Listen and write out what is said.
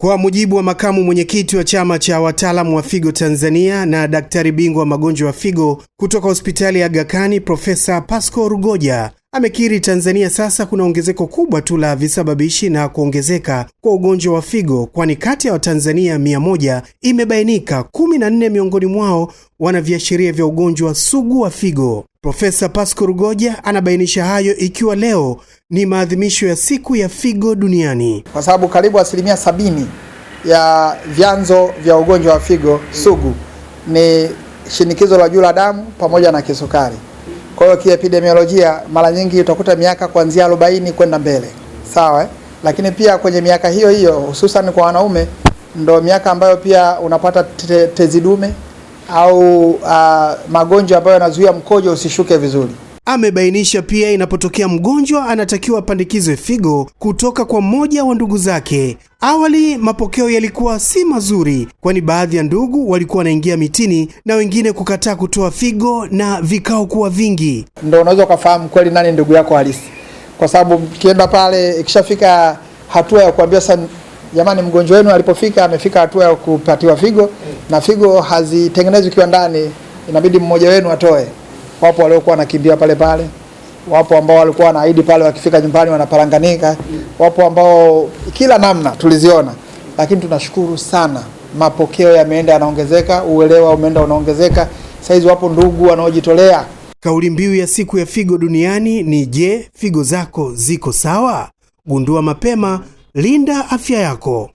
Kwa mujibu wa makamu mwenyekiti wa chama cha wataalamu wa figo Tanzania na daktari bingwa wa magonjwa ya figo kutoka hospitali ya gakani Profesa Pasco Rugoja amekiri Tanzania sasa kuna ongezeko kubwa tu la visababishi na kuongezeka kwa ugonjwa wa figo, kwani kati ya Watanzania mia moja imebainika kumi nne miongoni mwao wana viashiria vya ugonjwa sugu wa figo. Profesa Pasco Rugoja anabainisha hayo ikiwa leo ni maadhimisho ya siku ya figo duniani, kwa sababu karibu asilimia sabini ya vyanzo vya ugonjwa wa figo sugu ni shinikizo la juu la damu pamoja na kisukari. Kwa hiyo kiepidemiolojia, mara nyingi utakuta miaka kuanzia 40 kwenda mbele, sawa eh? Lakini pia kwenye miaka hiyo hiyo hususan kwa wanaume ndo miaka ambayo pia unapata te tezi dume au uh, magonjwa ambayo yanazuia mkojo usishuke vizuri. Amebainisha pia inapotokea mgonjwa anatakiwa apandikizwe figo kutoka kwa mmoja wa ndugu zake. Awali mapokeo yalikuwa si mazuri, kwani baadhi ya ndugu walikuwa wanaingia mitini na wengine kukataa kutoa figo na vikao kuwa vingi. Ndio unaweza ukafahamu kweli nani ndugu yako halisi, kwa sababu kienda pale, ikishafika hatua ya kuambia sasa, jamani, mgonjwa wenu alipofika amefika hatua ya kupatiwa figo na figo hazitengenezwi kiwandani, inabidi mmoja wenu atoe wapo waliokuwa wanakimbia pale pale, wapo ambao walikuwa wanaahidi pale wakifika nyumbani wanaparanganika, wapo ambao kila namna tuliziona, lakini tunashukuru sana, mapokeo yameenda yanaongezeka, uelewa umeenda unaongezeka. Saizi wapo ndugu wanaojitolea. Kauli mbiu ya siku ya figo duniani ni je, figo zako ziko sawa? Gundua mapema, linda afya yako.